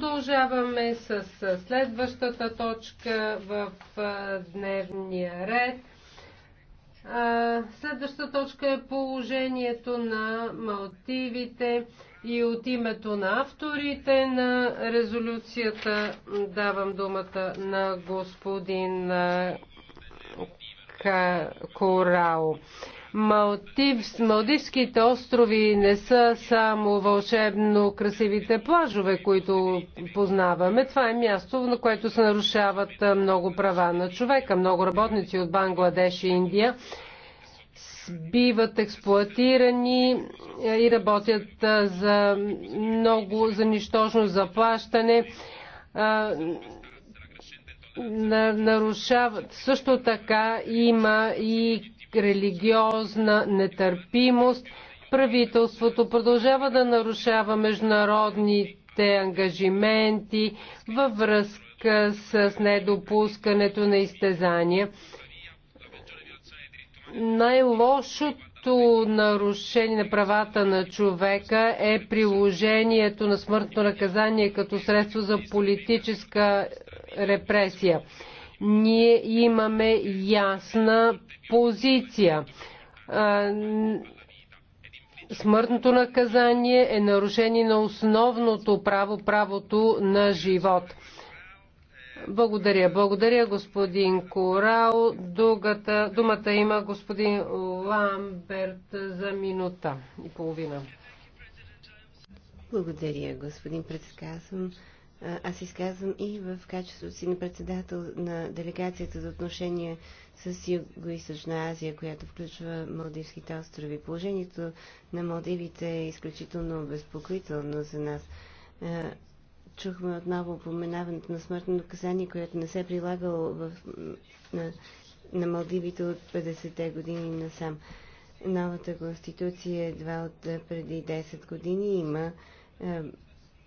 Продължаваме с следващата точка в дневния ред. Следващата точка е положението на малтивите и от името на авторите на резолюцията давам думата на господин Корао. Малтив, Малдивските острови не са само вълшебно красивите плажове, които познаваме. Това е място, на което се нарушават много права на човека. Много работници от Бангладеш и Индия биват експлуатирани и работят за много, за нищожно заплащане нарушават. Също така има и религиозна нетърпимост. Правителството продължава да нарушава международните ангажименти във връзка с недопускането на изтезания. Най-лошото нарушение на правата на човека е приложението на смъртно наказание като средство за политическа репресия ние имаме ясна позиция. Смъртното наказание е нарушение на основното право, правото на живот. Благодаря, благодаря господин Корал. Дугата, думата има господин Ламберт за минута и половина. Благодаря, господин предсказвам аз изказвам и в качеството си на председател на делегацията за отношения с Юго-Источна Азия, която включва Малдивските острови. Положението на Малдивите е изключително безпокоително за нас. Чухме отново упоменаването на смъртно наказание, което не се е прилагало в, на, на Малдивите от 50-те години насам. Новата конституция едва от преди 10 години има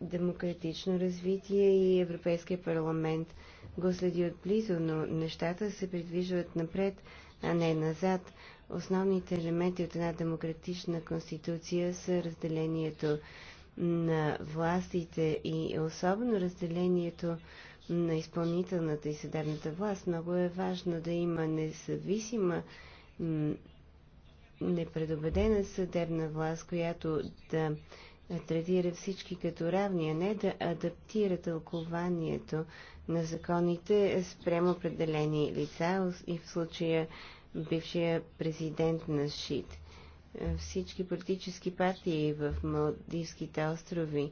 демократично развитие и Европейския парламент го следи отблизо, но нещата се придвижват напред, а не назад. Основните елементи от една демократична конституция са разделението на властите и особено разделението на изпълнителната и съдебната власт. Много е важно да има независима, непредобедена съдебна власт, която да третира всички като равни, а не да адаптира тълкованието на законите спрямо определени лица и в случая бившия президент на ШИД. Всички политически партии в Малдивските острови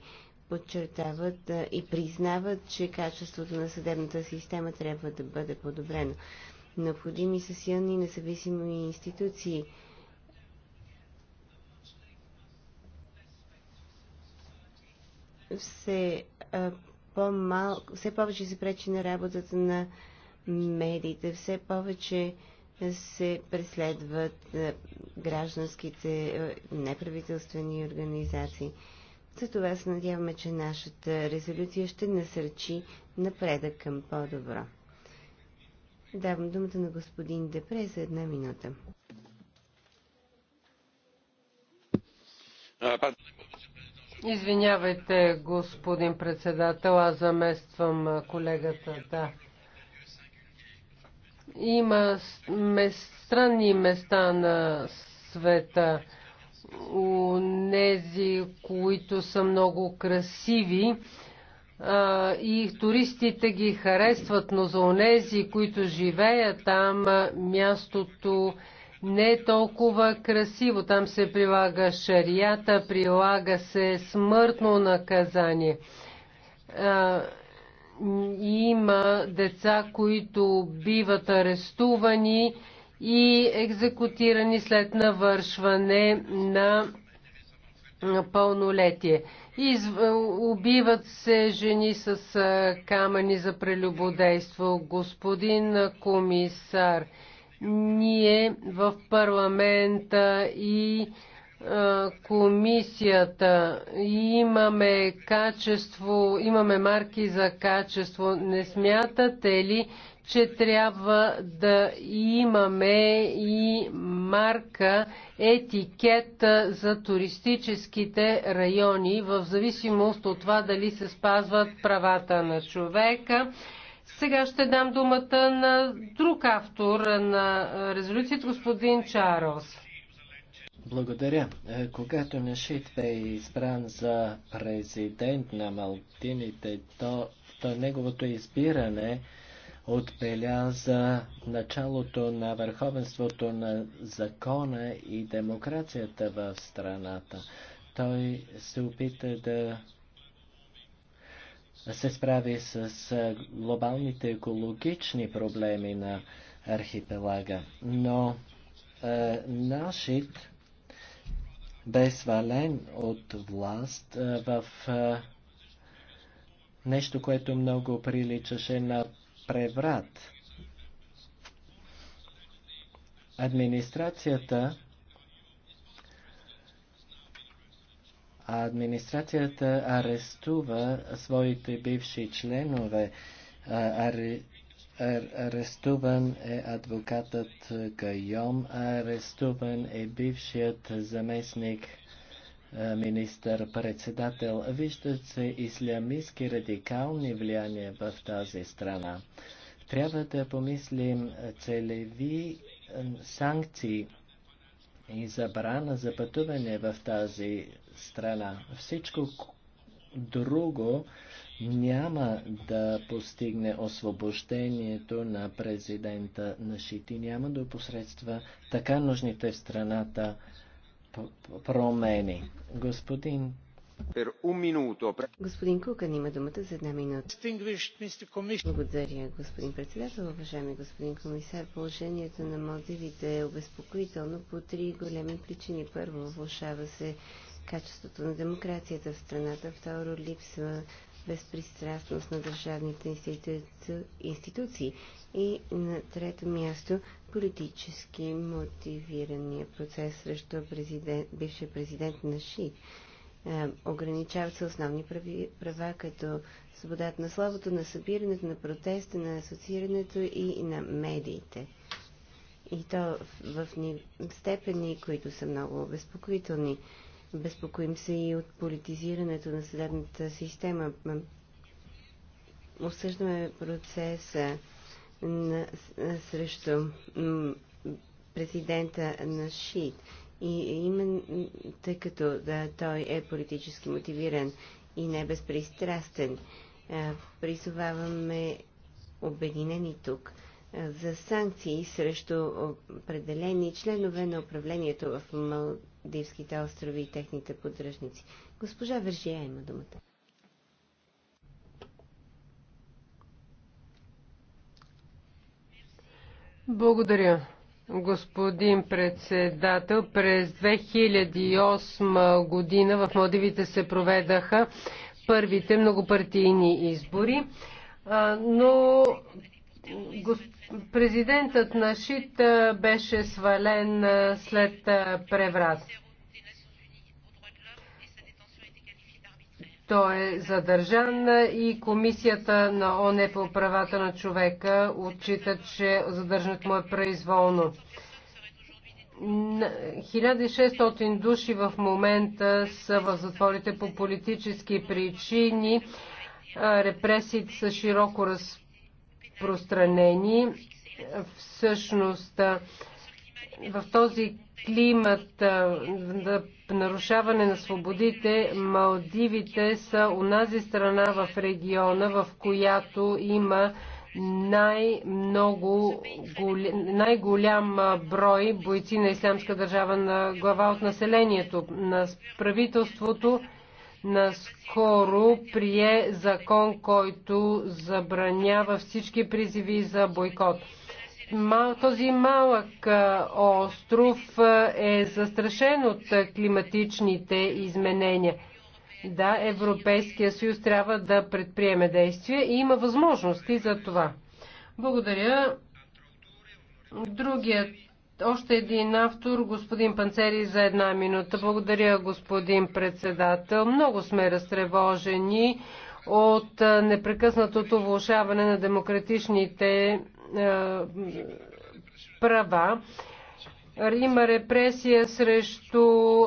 подчертават и признават, че качеството на съдебната система трябва да бъде подобрено. Необходими са силни и независими институции – все, по-малко, все повече се пречи на работата на медиите, все повече се преследват гражданските неправителствени организации. За това се надяваме, че нашата резолюция ще насърчи напредък към по-добро. Давам думата на господин Депре за една минута. Извинявайте, господин председател, аз замествам колегата. Да. Има странни места на света. У нези, които са много красиви а, и туристите ги харесват, но за онези, които живеят там, мястото не е толкова красиво. Там се прилага шарията, прилага се смъртно наказание. Има деца, които биват арестувани и екзекутирани след навършване на пълнолетие. Из... Убиват се жени с камъни за прелюбодейство. Господин комисар, ние в парламента и комисията имаме качество, имаме марки за качество. Не смятате ли, че трябва да имаме и марка, етикет за туристическите райони, в зависимост от това дали се спазват правата на човека сега ще дам думата на друг автор на резолюцията, господин Чарлз. Благодаря. Е, когато Нашит бе избран за президент на Малтините, то, то неговото избиране отбеляза началото на върховенството на закона и демокрацията в страната. Той се опита да се справи с глобалните екологични проблеми на архипелага. Но е, нашит бе свален от власт е, в е, нещо, което много приличаше на преврат. Администрацията администрацията арестува своите бивши членове. арестуван е адвокатът Гайом, арестуван е бившият заместник министър-председател. Виждат се ислямистски радикални влияния в тази страна. Трябва да помислим целеви санкции и забрана за пътуване в тази страна. Всичко друго няма да постигне освобождението на президента на Шити, няма да посредства така нужните в страната промени. Господин Господин Кукан има думата за една минута. Благодаря, господин председател. Уважаеми господин комисар, положението на Малдивите е обезпокоително по три големи причини. Първо, влушава се качеството на демокрацията в страната. Второ, липсва безпристрастност на държавните институции. И на трето място политически мотивирания процес срещу президент, бившия президент на ШИ. Е, ограничават се основни прави, права, като свободата на словото, на събирането, на протеста, на асоциирането и на медиите. И то в степени, които са много безпокоителни. Безпокоим се и от политизирането на съдебната система. Осъждаме процеса на, срещу президента на ШИД и именно тъй като да, той е политически мотивиран и не безпристрастен, призоваваме обединени тук за санкции срещу определени членове на управлението в Малдивските острови и техните поддръжници. Госпожа Вържия има думата. Благодаря, Господин председател, през 2008 година в Модивите се проведаха първите многопартийни избори, но президентът на Шит беше свален след преврат. Той е задържан и Комисията на ОНЕ по правата на човека отчита, че задържането му е произволно. 1600 души в момента са в затворите по политически причини. Репресиите са широко разпространени. Всъщност, в този климат, на нарушаване на свободите, Малдивите са унази страна в региона, в която има най-много, най-голям брой бойци на Ислямска държава на глава от населението. На правителството наскоро прие закон, който забранява всички призиви за бойкот. Мал, този малък остров е застрашен от климатичните изменения. Да, Европейския съюз трябва да предприеме действия и има възможности за това. Благодаря. Другият, още един автор, господин Панцери, за една минута. Благодаря, господин председател. Много сме разтревожени от непрекъснатото влушаване на демократичните е, права. Има репресия срещу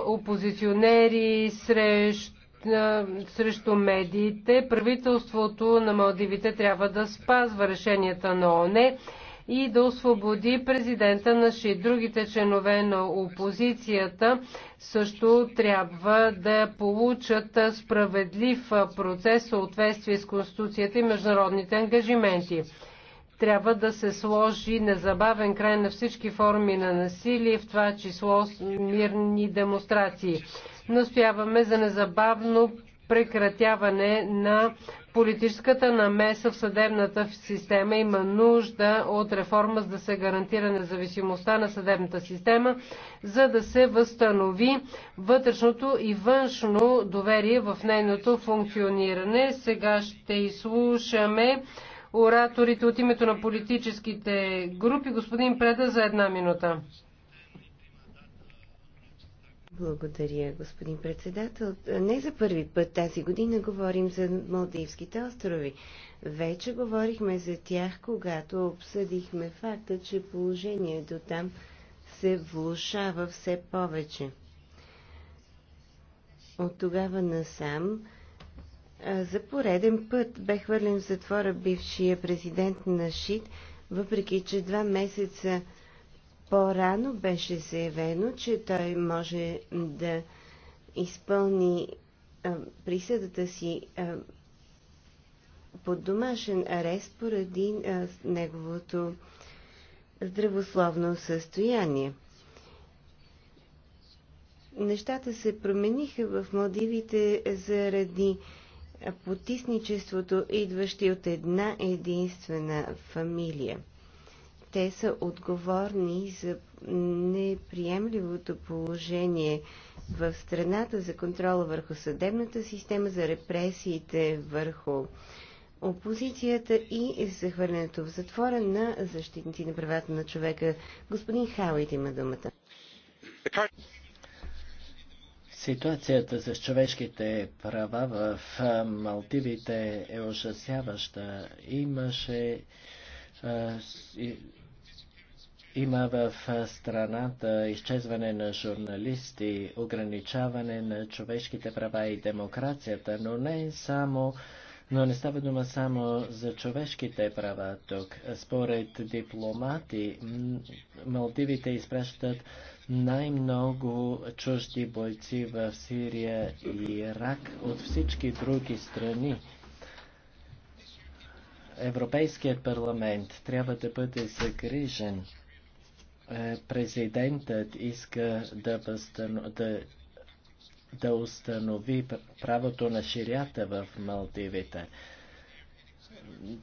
опозиционери, срещу е, срещу медиите. Правителството на Малдивите трябва да спазва решенията на ОНЕ и да освободи президента на ШИ. Другите членове на опозицията също трябва да получат справедлив процес в съответствие с Конституцията и международните ангажименти трябва да се сложи незабавен край на всички форми на насилие, в това число мирни демонстрации. Настояваме за незабавно прекратяване на политическата намеса в съдебната система. Има нужда от реформа, за да се гарантира независимостта на съдебната система, за да се възстанови вътрешното и външно доверие в нейното функциониране. Сега ще изслушаме ораторите от името на политическите групи. Господин Преда за една минута. Благодаря, господин председател. Не за първи път тази година говорим за Малдивските острови. Вече говорихме за тях, когато обсъдихме факта, че положението там се влушава все повече. От тогава насам за пореден път бе хвърлен в затвора бившия президент на ШИД, въпреки че два месеца по-рано беше заявено, че той може да изпълни а, присъдата си а, под домашен арест поради а, неговото здравословно състояние. Нещата се промениха в Малдивите заради потисничеството, идващи от една единствена фамилия. Те са отговорни за неприемливото положение в страната за контрола върху съдебната система, за репресиите върху опозицията и захвърлянето в затвора на защитници на правата на човека. Господин Хауит има думата. Ситуацията с човешките права в Малтивите е ужасяваща. Имаше има в страната изчезване на журналисти, ограничаване на човешките права и демокрацията, но не само но не става дума само за човешките права тук. Според дипломати, Малдивите изпращат най-много чужди бойци в Сирия и Ирак от всички други страни. Европейският парламент трябва да бъде загрижен е, президентът иска да, възстан... да да установи правото на ширята в Малдивите.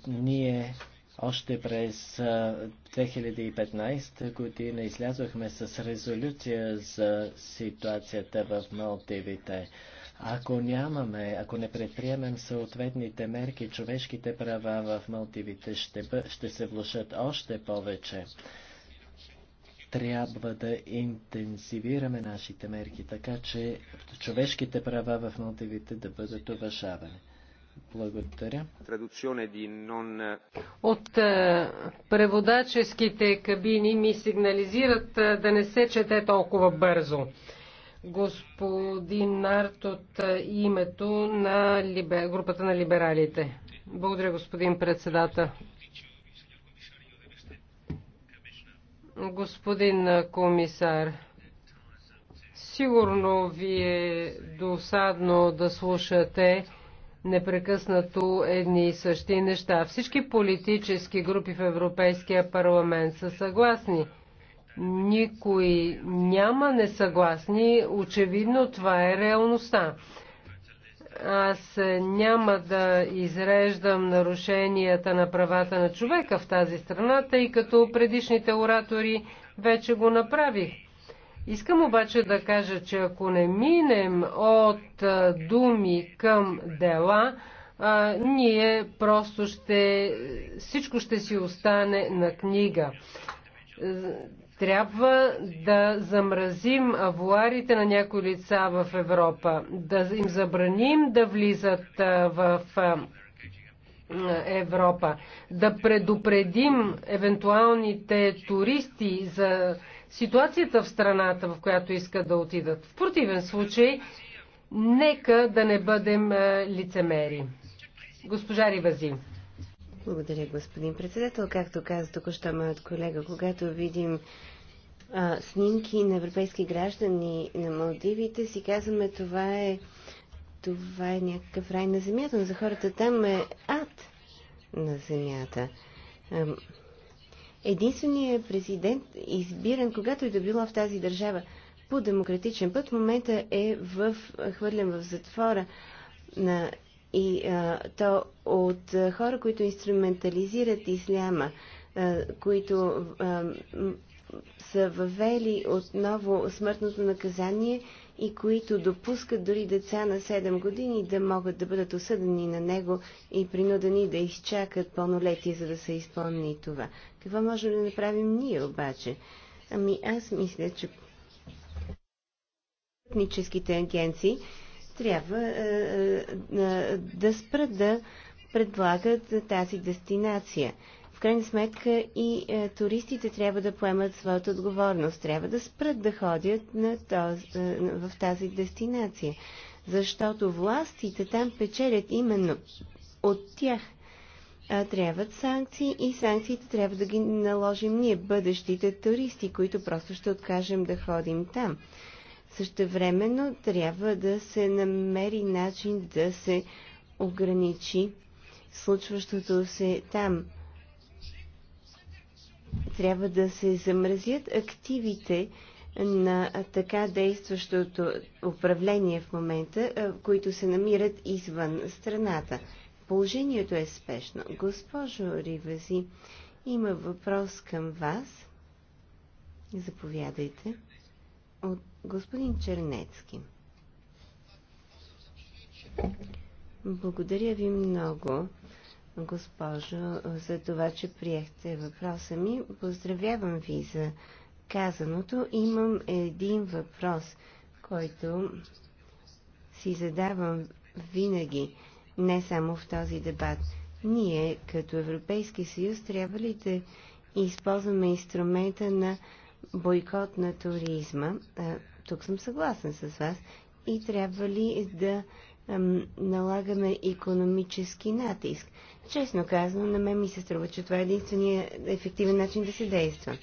Ние още през 2015 година излязохме с резолюция за ситуацията в Малдивите. Ако нямаме, ако не предприемем съответните мерки, човешките права в Малтивите ще, ще се влушат още повече трябва да интенсивираме нашите мерки, така че човешките права в мотивите да бъдат уважавани. Благодаря. От е, преводаческите кабини ми сигнализират е, да не се чете толкова бързо. Господин Нарт от е, името на групата на либералите. Благодаря, господин председател. Господин комисар, сигурно ви е досадно да слушате непрекъснато едни и същи неща. Всички политически групи в Европейския парламент са съгласни. Никой няма несъгласни. Очевидно това е реалността. Аз няма да изреждам нарушенията на правата на човека в тази страна, тъй като предишните оратори вече го направих. Искам обаче да кажа, че ако не минем от думи към дела, а, ние просто ще, всичко ще си остане на книга. Трябва да замразим авуарите на някои лица в Европа, да им забраним да влизат в Европа, да предупредим евентуалните туристи за ситуацията в страната, в която искат да отидат. В противен случай, нека да не бъдем лицемери. Госпожа Ривази. Благодаря, господин председател. Както каза току-що моят колега, когато видим а, снимки на европейски граждани на Малдивите, си казваме, това е, това е някакъв рай на земята, но за хората там е ад на земята. Единственият президент, избиран когато и е добила в тази държава по демократичен път, в момента е в, хвърлен в затвора на и а, то от а, хора, които инструментализират исляма, а, които а, са въвели отново смъртното наказание и които допускат дори деца на 7 години да могат да бъдат осъдени на него и принудени да изчакат пълнолетие, за да се изпълни това. Какво можем да направим ние обаче? Ами аз мисля, че пътническите агенции трябва е, е, е, да спрат да предлагат тази дестинация. В крайна сметка и туристите трябва да поемат своята отговорност. Трябва да спрат да ходят на този, в тази дестинация. Защото властите там печелят именно от тях. трябват санкции и санкциите трябва да ги наложим ние, бъдещите туристи, които просто ще откажем да ходим там. Същевременно трябва да се намери начин да се ограничи случващото се там. Трябва да се замразят активите на така действащото управление в момента, които се намират извън страната. Положението е спешно. Госпожо Ривази, има въпрос към вас. Заповядайте от господин Чернецки. Благодаря ви много, госпожо, за това, че приехте въпроса ми. Поздравявам ви за казаното. Имам един въпрос, който си задавам винаги, не само в този дебат. Ние, като Европейски съюз, трябва ли да използваме инструмента на бойкот на туризма, тук съм съгласен с вас, и трябва ли да налагаме економически натиск. Честно казано, на мен ми се струва, че това е единствения ефективен начин да се действа.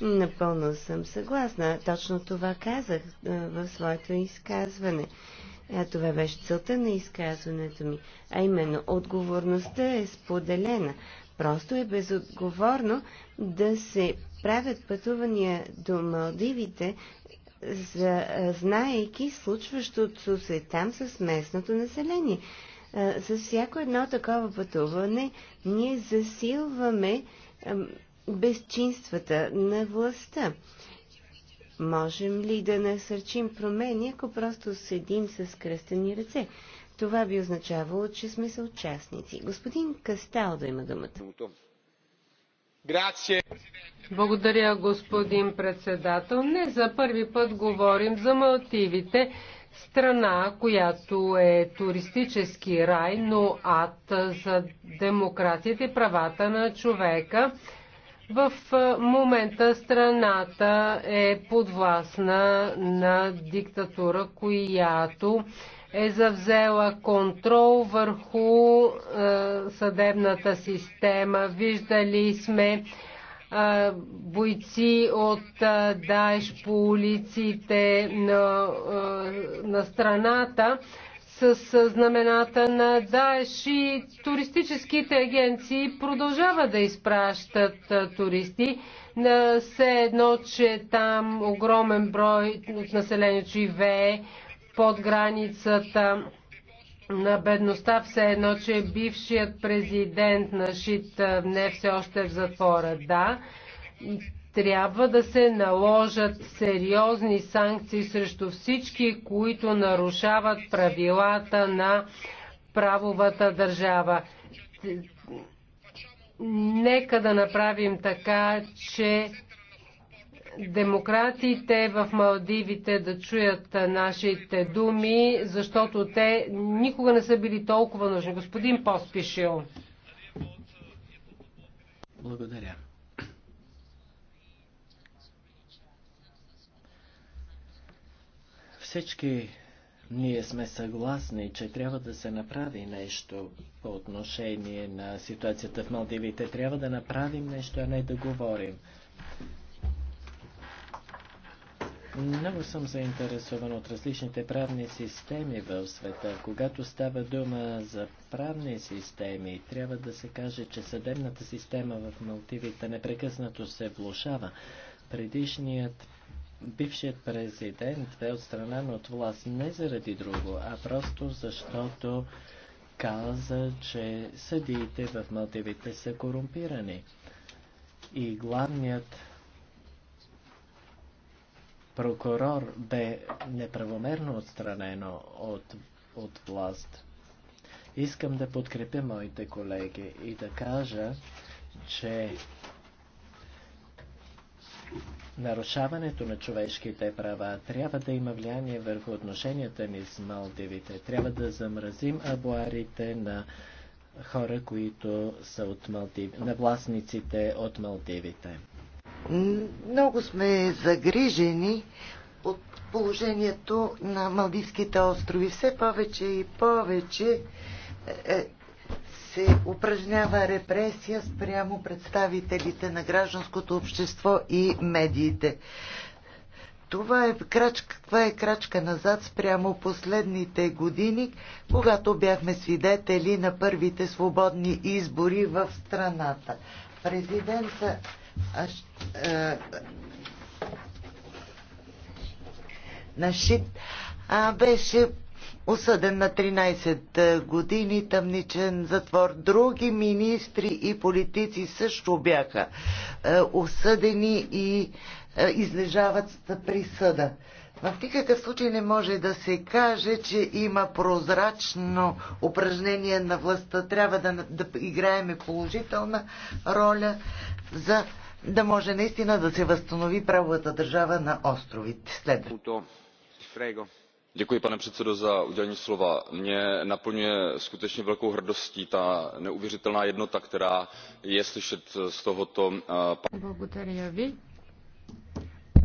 Напълно съм съгласна. Точно това казах в своето изказване. Това беше целта на изказването ми. А именно, отговорността е споделена. Просто е безотговорно да се правят пътувания до Малдивите, за, знаейки случващото се там с местното население. С всяко едно такова пътуване ние засилваме безчинствата на властта. Можем ли да насърчим промени, ако просто седим с кръстени ръце? това би означавало, че сме съучастници. Господин Кастал, да има думата. Благодаря, господин председател. Не за първи път говорим за Малтивите, страна, която е туристически рай, но ад за демократията и правата на човека. В момента страната е подвластна на диктатура, която е завзела контрол върху е, съдебната система. Виждали сме е, бойци от е, Даеш по улиците на, е, на страната с знамената на Даеш и туристическите агенции продължават да изпращат е, туристи. Все едно, че там огромен брой от населението живее под границата на бедността, все едно, че бившият президент на ШИТ не все още е в затвора. Да, трябва да се наложат сериозни санкции срещу всички, които нарушават правилата на правовата държава. Нека да направим така, че демократите в Малдивите да чуят нашите думи, защото те никога не са били толкова нужни. Господин Поспишил. Благодаря. Всички ние сме съгласни, че трябва да се направи нещо по отношение на ситуацията в Малдивите. Трябва да направим нещо, а не да говорим. Много съм заинтересован от различните правни системи в света. Когато става дума за правни системи, трябва да се каже, че съдебната система в Малтивите непрекъснато се влушава. Предишният бившият президент бе отстранен от власт не заради друго, а просто защото каза, че съдиите в Малтивите са корумпирани. И главният прокурор бе неправомерно отстранено от, от власт. Искам да подкрепя моите колеги и да кажа, че Нарушаването на човешките права трябва да има влияние върху отношенията ни с Малдивите. Трябва да замразим абуарите на хора, които са от Малдив... на властниците от Малдивите. Много сме загрижени от положението на Малдивските острови. Все повече и повече е, е, се упражнява репресия спрямо представителите на гражданското общество и медиите. Това е крачка, това е крачка назад спрямо последните години, когато бяхме свидетели на първите свободни избори в страната. Президента а, беше осъден на 13 години тъмничен затвор. Други министри и политици също бяха осъдени и излежават присъда. В никакъв случай не може да се каже, че има прозрачно упражнение на властта. Трябва да, да играеме положителна роля за да може наистина да се възстанови правовата държава на островите. Следва. Děkuji, pane předsedo, za udělení slova. Mě naplňuje skutečně velkou hrdostí ta neuvěřitelná jednota, která je slyšet z tohoto... Eh, Благодаря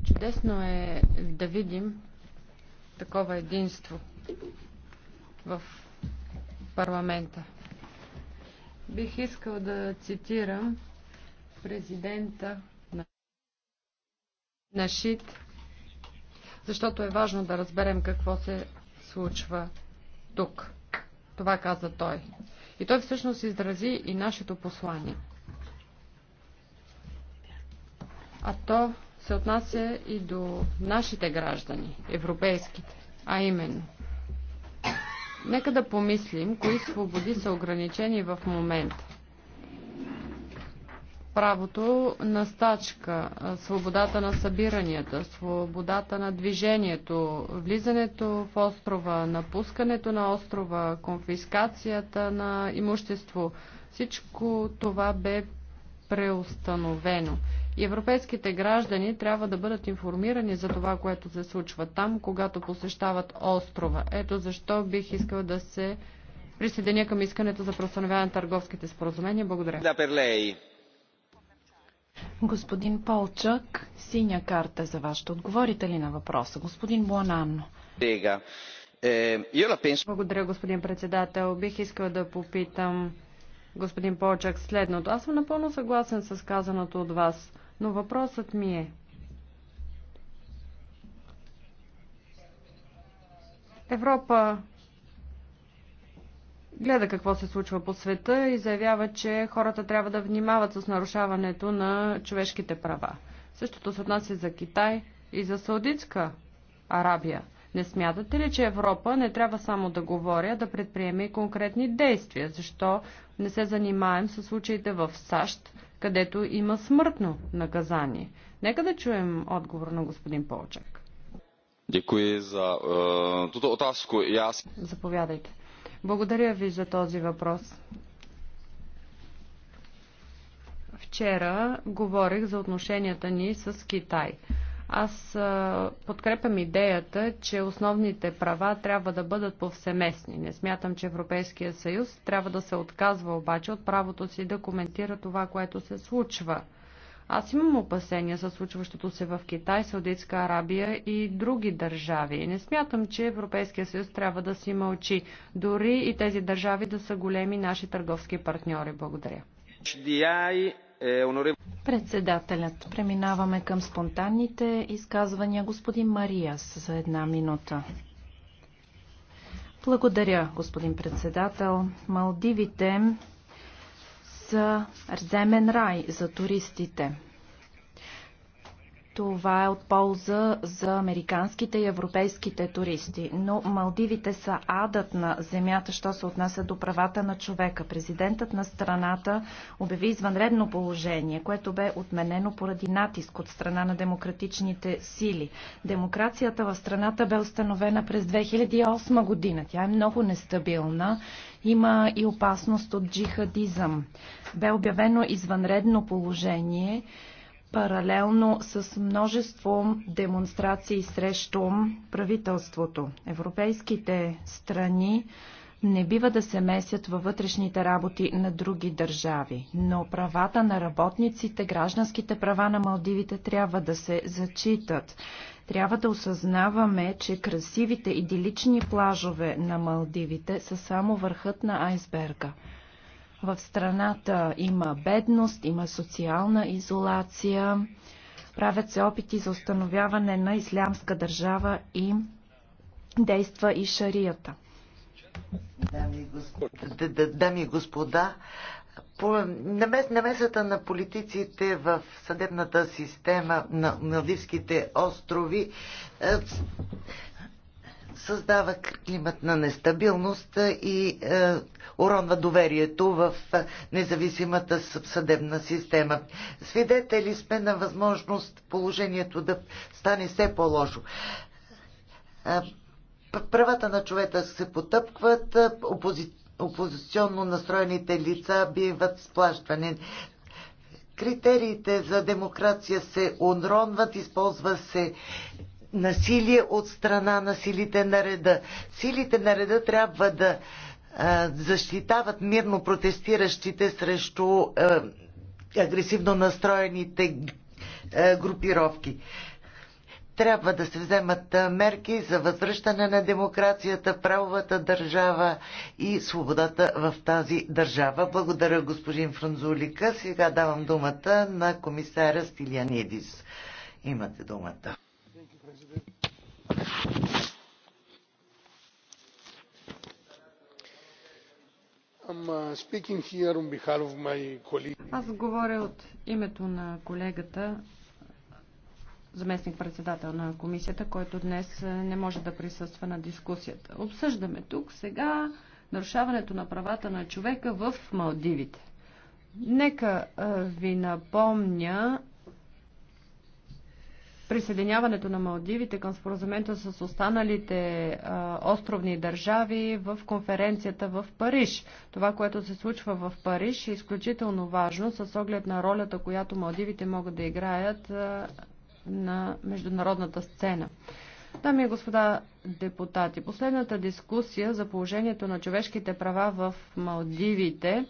Чудесно е да видим такова единство в парламента. Бих искал да цитирам президента на, на защото е важно да разберем какво се случва тук. Това каза той. И той всъщност изрази и нашето послание. А то се отнася и до нашите граждани, европейските, а именно. Нека да помислим, кои свободи са ограничени в момента правото на стачка, свободата на събиранията, свободата на движението, влизането в острова, напускането на острова, конфискацията на имущество. Всичко това бе преустановено. И европейските граждани трябва да бъдат информирани за това, което се случва там, когато посещават острова. Ето защо бих искал да се присъединя към искането за преустановяване на търговските споразумения. Благодаря. Господин Полчък, синя карта за вас. Ще отговорите ли на въпроса? Господин Буананно. Е, Благодаря, господин председател. Бих искал да попитам господин Полчак следното. Аз съм напълно съгласен с казаното от вас, но въпросът ми е. Европа гледа какво се случва по света и заявява, че хората трябва да внимават с нарушаването на човешките права. Същото се отнася за Китай и за Саудитска Арабия. Не смятате ли, че Европа не трябва само да говори, а да предприеме и конкретни действия? Защо не се занимаем с случаите в САЩ, където има смъртно наказание? Нека да чуем отговор на господин Полчак. Дякую за uh, tuto Заповядайте. Благодаря ви за този въпрос. Вчера говорих за отношенията ни с Китай. Аз подкрепям идеята, че основните права трябва да бъдат повсеместни. Не смятам, че Европейския съюз трябва да се отказва обаче от правото си да коментира това, което се случва аз имам опасения за случващото се в Китай, Саудитска Арабия и други държави. Не смятам, че Европейския съюз трябва да си мълчи, дори и тези държави да са големи наши търговски партньори. Благодаря. Е Председателят. Преминаваме към спонтанните изказвания. Господин Мариас за една минута. Благодаря, господин председател. Малдивите за земен рай за туристите. Това е от полза за американските и европейските туристи, но Малдивите са адът на земята, що се отнася до правата на човека. Президентът на страната обяви извънредно положение, което бе отменено поради натиск от страна на демократичните сили. Демокрацията в страната бе установена през 2008 година. Тя е много нестабилна има и опасност от джихадизъм. Бе обявено извънредно положение паралелно с множество демонстрации срещу правителството. Европейските страни не бива да се месят във вътрешните работи на други държави, но правата на работниците, гражданските права на Малдивите трябва да се зачитат. Трябва да осъзнаваме, че красивите идилични плажове на Малдивите са само върхът на айсберга. В страната има бедност, има социална изолация, правят се опити за установяване на ислямска държава и действа и шарията. Дами и господа, намесата на политиците в съдебната система на Малдивските острови е, създава климат на нестабилност и е, уронва доверието в независимата съдебна система. Свидетели сме на възможност положението да стане все по-лошо. Е, правата на човека се потъпкват, опози... опозиционно настроените лица биват сплащани. Критериите за демокрация се унронват, използва се насилие от страна на силите на реда. Силите на реда трябва да защитават мирно протестиращите срещу агресивно настроените групировки трябва да се вземат мерки за възвръщане на демокрацията, правовата държава и свободата в тази държава. Благодаря, господин Франзулика. Сега давам думата на комисаря Стилианидис. Имате думата. Аз говоря от името на колегата заместник-председател на комисията, който днес е, не може да присъства на дискусията. Обсъждаме тук сега нарушаването на правата на човека в Малдивите. Нека е, ви напомня присъединяването на Малдивите към споразумението с останалите а, е, островни държави в конференцията в Париж. Това, което се случва в Париж е изключително важно с оглед на ролята, която Малдивите могат да играят а, на международната сцена. Дами и господа депутати, последната дискусия за положението на човешките права в Малдивите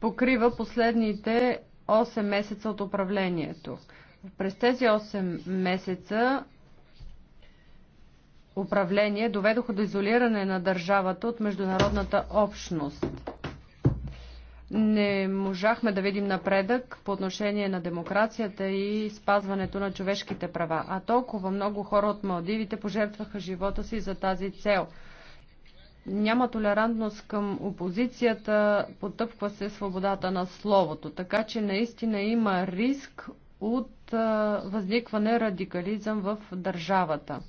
покрива последните 8 месеца от управлението. През тези 8 месеца управление доведоха до изолиране на държавата от международната общност не можахме да видим напредък по отношение на демокрацията и спазването на човешките права. А толкова много хора от Малдивите пожертваха живота си за тази цел. Няма толерантност към опозицията, потъпква се свободата на словото. Така че наистина има риск от възникване радикализъм в държавата.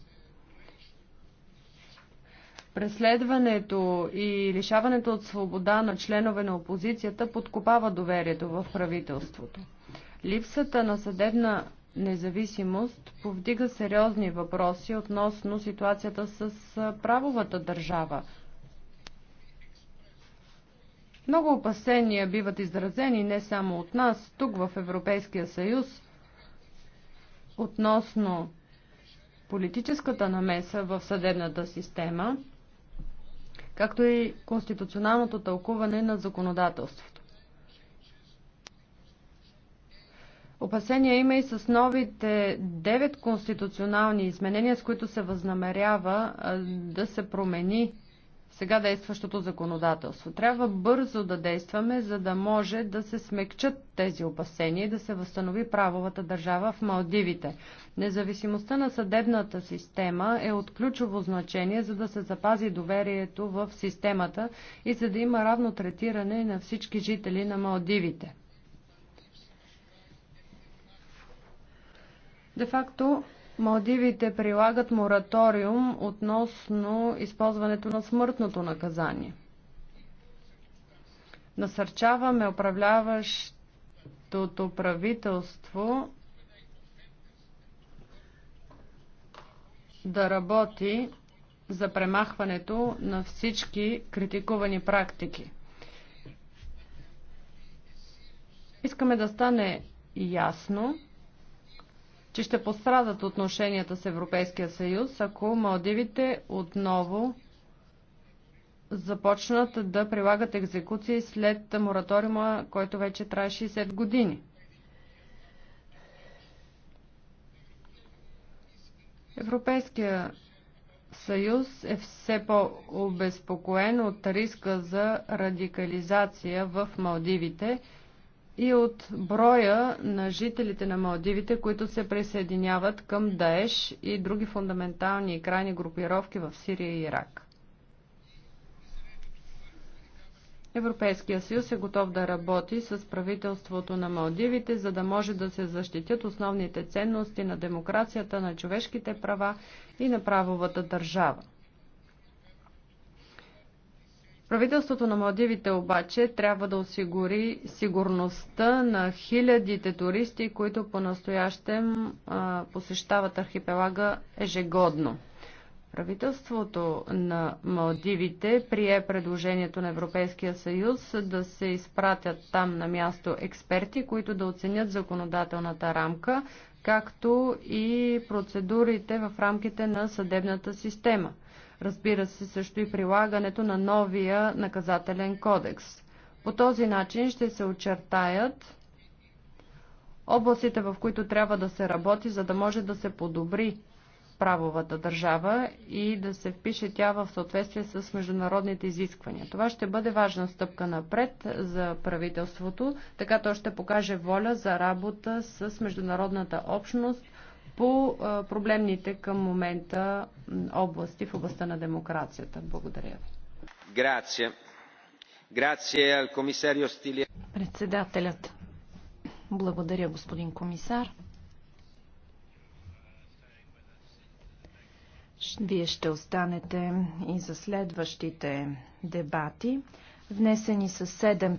Преследването и лишаването от свобода на членове на опозицията подкопава доверието в правителството. Липсата на съдебна независимост повдига сериозни въпроси относно ситуацията с правовата държава. Много опасения биват изразени не само от нас, тук в Европейския съюз, относно политическата намеса в съдебната система – както и конституционалното тълкуване на законодателството. Опасения има и с новите девет конституционални изменения, с които се възнамерява да се промени сега действащото законодателство. Трябва бързо да действаме, за да може да се смекчат тези опасения и да се възстанови правовата държава в Малдивите. Независимостта на съдебната система е от ключово значение, за да се запази доверието в системата и за да има равно третиране на всички жители на Малдивите. Де факто, Малдивите прилагат мораториум относно използването на смъртното наказание. Насърчаваме управляващото правителство да работи за премахването на всички критикувани практики. Искаме да стане ясно, че ще пострадат отношенията с Европейския съюз, ако Малдивите отново започнат да прилагат екзекуции след мораториума, който вече трае 60 години. Европейския съюз е все по-обезпокоен от риска за радикализация в Малдивите – и от броя на жителите на Малдивите, които се присъединяват към Даеш и други фундаментални и крайни групировки в Сирия и Ирак. Европейския съюз е готов да работи с правителството на Малдивите, за да може да се защитят основните ценности на демокрацията, на човешките права и на правовата държава. Правителството на Малдивите обаче трябва да осигури сигурността на хилядите туристи, които по-настоящем посещават архипелага ежегодно. Правителството на Малдивите прие предложението на Европейския съюз да се изпратят там на място експерти, които да оценят законодателната рамка, както и процедурите в рамките на съдебната система. Разбира се също и прилагането на новия наказателен кодекс. По този начин ще се очертаят областите, в които трябва да се работи, за да може да се подобри правовата държава и да се впише тя в съответствие с международните изисквания. Това ще бъде важна стъпка напред за правителството, така то ще покаже воля за работа с международната общност по проблемните към момента области в областта на демокрацията. Благодаря ви. Председателят. Благодаря, господин комисар. Вие ще останете и за следващите дебати. Внесени са 7